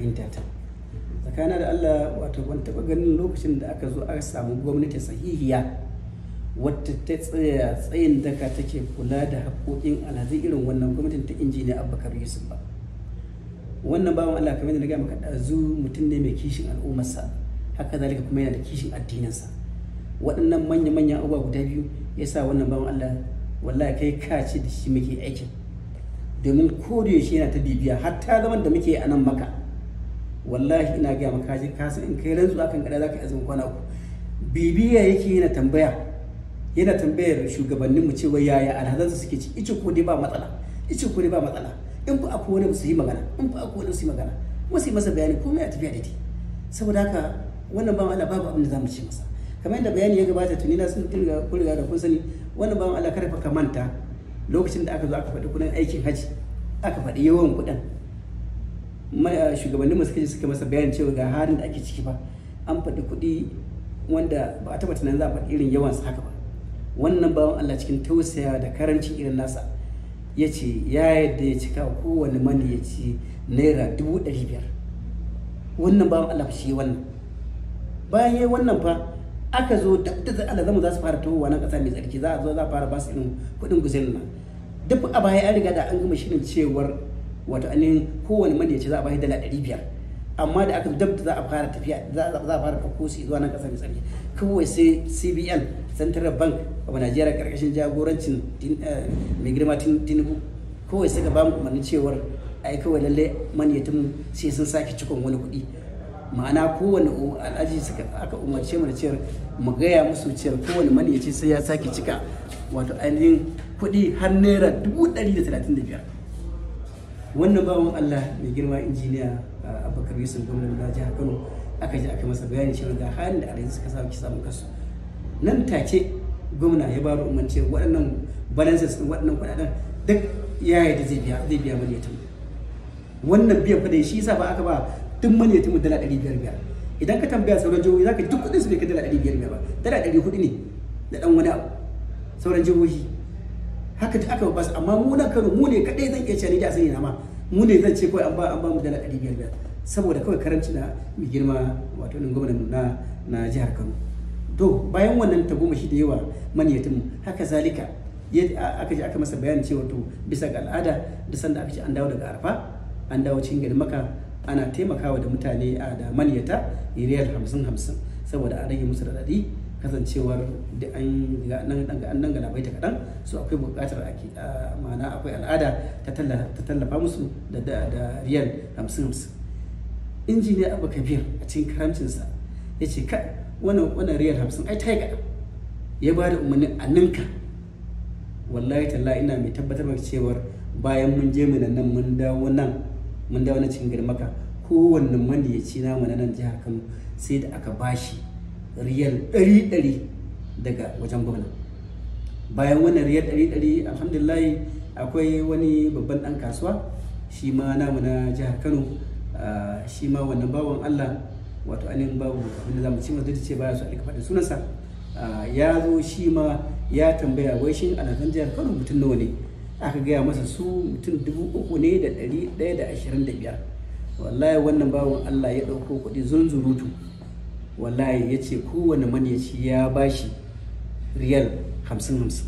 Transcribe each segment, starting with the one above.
fahimta ta tsakanin da Allah wata ban taba ganin lokacin da aka zo aka samu gwamnati sahihiya wata ta tsaya tsayin daka take kula da haƙoƙin alhazi irin wannan gwamnatin ta injiniya abubakar yusuf ba wannan bawan Allah kamar da na gaya kaɗa mutum ne mai kishin al'ummarsa haka zalika kuma yana da kishin addininsa waɗannan manya-manyan abubuwa guda biyu ya sa wannan bawan Allah wallahi kai ka ce da shi muke aikin domin ko yaushe yana ta bibiya har ta zaman da muke a nan maka wallahi ina gaya maka je ka san in kai rantsu akan kada zaka zan kwana uku bibiya yake yana tambaya yana tambayar shugabannin mu cewa yaya alhazansu suke ci ice ko dai ba matsala ice ko dai ba matsala in fa akwai wani su yi magana in fa akwai wani su yi magana kuma su yi masa bayani komai a tafiya da daidai saboda haka wannan ba Allah babu abin da zamu ce masa kamar yadda bayani ya gabata tuni na sun tilga kulga da kun sani wannan ba Allah kada ka manta lokacin da aka zo aka faɗi kudin aikin haji aka faɗi yawan kudin Eh, shugabannin masu suka suka masa bayan cewa ga halin da ake ciki ba an faɗi kuɗi wanda ba a taɓa tunanin za a faɗi irin yawan haka ba wannan bawan Allah cikin tausaya da karancin irin nasa ya ce ya yadda ya cika kowane ci naira dubu ɗari biyar wannan bawan Allah shi wannan bayan ya yi wannan fa aka zo da Allah zama za su fara wa na ƙasa mai tsarki za a zo za a fara ba su irin kuɗin guzirin nan duk a baya an riga da an gama shirin cewar wato ainihin kowane ce za a bashi dala ɗari biyar amma da aka dab da za a fara tafiya za a fara ɗauko su zuwa nan kasar misali kawai sai cbn central bank a najeriya karkashin jagorancin eh, mai girma tinubu kawai suka ba mu umarnin cewar ai kawai lallai tun sai sun sake cikon wani kuɗi ma'ana kowane al'aji suka aka umarce mu da cewar mu gaya musu cewar kowane maniyaci sai ya sake cika wato ainihin kuɗi har naira dubu ɗari da talatin da biyar wannan bawan Allah mai girma injiniya uh, Abubakar Yusuf gwamnan na jihar Kano aka ji aka masa bayani cewa ga halin da arewa suka samu kisa muka su nan take gwamna ya ba da umarci waɗannan balances din waɗannan kuɗaɗen duk ya yi da zai biya zai biya wannan biyan kuɗin shi yasa ba aka ba duk maniyatin dala ɗari biyar biyar idan ka tambaya sauran jihohi za ka duk kuɗin su bai kai dala ɗari biyar biyar ba dala ɗari hudu ne da ɗan wani abu sauran jihohi haka ta aka ba amma mu na Kano mu ne kadai zan iya cewa ni da sani na ma mu ne zan ce kawai an ba an ba mu dala 500 saboda kawai karanci na mai girma wato nan gwamnatin na na jihar Kano to bayan wannan ta goma shi da yawa maniyatin mu haka zalika aka ji aka masa bayanin cewa to bisa ga al'ada da sanda aka ce an dawo daga arfa an dawo cikin garin maka ana taimakawa da mutane a da maniyata riyal hamsin hamsin saboda an rage musu raɗaɗi kasancewar da an nan labai ta kaɗan su akwai buƙatar ma'ana akwai al'ada ta tallafa musu da riyal hamsin hamsin injiniya abu kabir a cikin karamcinsa ya ce ka wannan riyal hamsin ai ta yi kaɗan ya ba da umarnin a ninka wallahi talla ina mai tabbatar maka cewar bayan mun je mun mun dawo nan mun dawo na cikin girmaka kowanne mani ya ci namu na nan jihar kano sai da aka bashi riyal ɗari ɗari daga wajen gwamna bayan wannan riyal ɗari ɗari alhamdulillah akwai wani babban ɗan kasuwa shi ma namu na jihar kano ah, shi ma wannan bawan allah wato ainihin babu wanda zamu ci masu ce baya su alika faɗin sunansa ah, ya zo shi ma ya tambaya wai shi a zan jihar kano mutum nawa ne aka gaya masa su mutum dubu uku ne da ɗari ɗaya da ashirin da biyar wallahi wannan bawan allah ya ɗauko kuɗi zunzurutu wallahi ya ce kowane maniyaci ya bashi riyal hamsin hamsin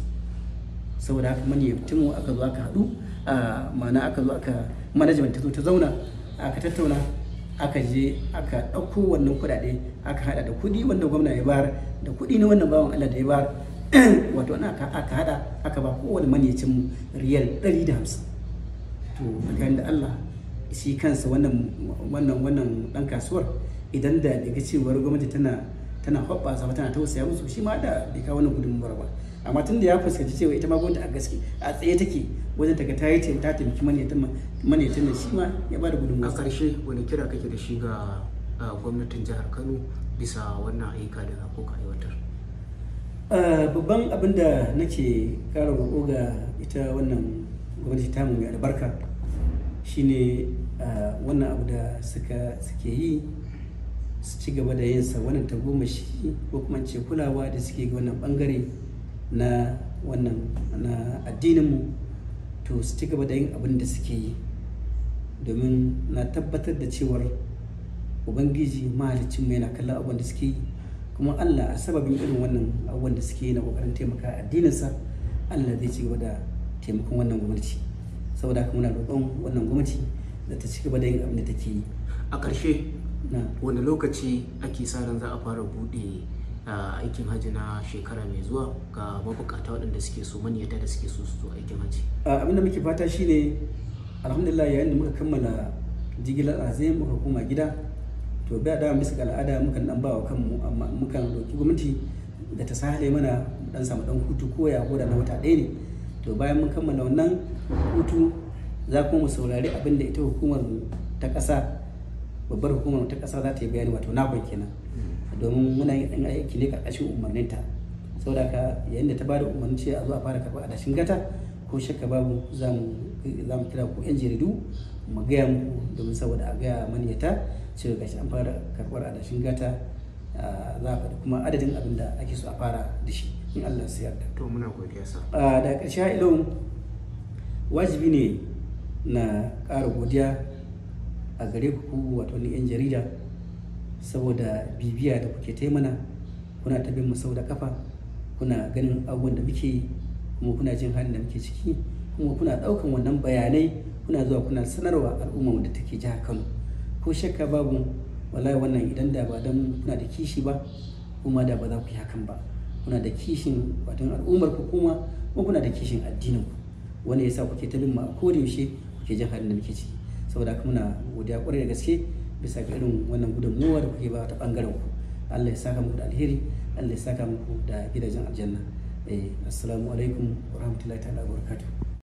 saboda haka maniyacin mu aka zo aka haɗu a mana aka zo aka management ta zo ta zauna aka tattauna aka je aka ɗauko wannan kuɗaɗe aka haɗa da kuɗi wanda gwamna ya bayar da kuɗi na wannan bawan Allah da ya bayar wato ana aka haɗa aka ba kowane maniyacin mu riyal ɗari da hamsin to tsakanin da Allah shi kansa wannan wannan wannan ɗan kasuwar idan da daga cewar gwamnati tana tana hoɓɓasa ba tana tausaya musu shi ma da bai kawo wannan gudunmuwar ba amma tun da ya fuskanci cewa ita ma gwamnati a gaske a tsaye take wajen ta yi ta yi ta taimaki manyan shi ma ya ba da gudunmuwar a ƙarshe wani kira kake da shi ga gwamnatin jihar kano bisa wannan ayyuka da za ku aiwatar babban abin da nake ƙara roƙo ga ita wannan gwamnati ta mu mai albarka shine wannan abu da suka suke yi su ci gaba da yin sa wannan tagomashi ko kuma ce kulawa da suke ga wannan bangare na wannan na addininmu to su ci gaba da yin abin da suke yi domin na tabbatar da cewar ubangiji mai na kallon abin da suke yi kuma allah a sababin irin wannan abubuwan da suke yi na kokarin taimaka addininsa allah zai ci gaba da taimakon wannan gwamnati saboda kuma muna roƙon wannan gwamnati da ta ci gaba da yin abin da take yi a ƙarshe wanda lokaci ake sa ran za a fara buɗe aikin hajji na shekara mai zuwa ga mabukata waɗanda suke so maniyata da suke so su zo aikin haji abin da muke fata shine alhamdulillah yayin da muka kammala jigilar azim muka koma gida to bai da bisa ga al'ada mukan dan bawa kanmu amma mukan roki gwamnati da ta sahale mana dan samu dan hutu ko ya goda na wata ɗaya ne to bayan mun kammala wannan hutu za kuma mu saurari abin da ita hukumar mu ta ƙasa babbar hukumar ta kasar za ta yi bayani wato nakon kenan domin muna yin aiki ne karkashin umarninta saboda ka yayin da ta bada umarni ce a zo a fara karɓa adashin gata ko shakka babu za mu kira ku yan jaridu mu gaya mu domin saboda a gaya maniyata cewa gashi an fara karɓar adashin gata za a faɗi kuma adadin abin da ake so a fara da shi in Allah su yarda. To muna godiya sa. Da ƙarshe ilon wajibi ne na ƙara godiya a gare ku wato ni yan jarida saboda bibiya da kuke ta mana kuna ta mu sau da kafa kuna ganin abubuwan da muke kuma kuna jin halin da muke ciki kuma kuna ɗaukan wannan bayanai kuna zuwa kuna sanarwa al'umma da take jihar Kano ko shakka babu wallahi wannan idan da ba dan kuna da kishi ba kuma da ba za ku yi hakan ba kuna da kishin wato al'ummar ku kuma kuma kuna da kishin addinin ku wanda yasa kuke ta bin mu a koda yaushe kuke jin halin da muke ciki saboda haka muna godiya kwarai da gaske bisa ga irin wannan gudunmuwa da kuke ba ta bangaren ku Allah ya saka muku da alheri Allah ya saka muku da gidajen aljanna eh assalamu alaikum wa rahmatullahi ta'ala wa barakatuh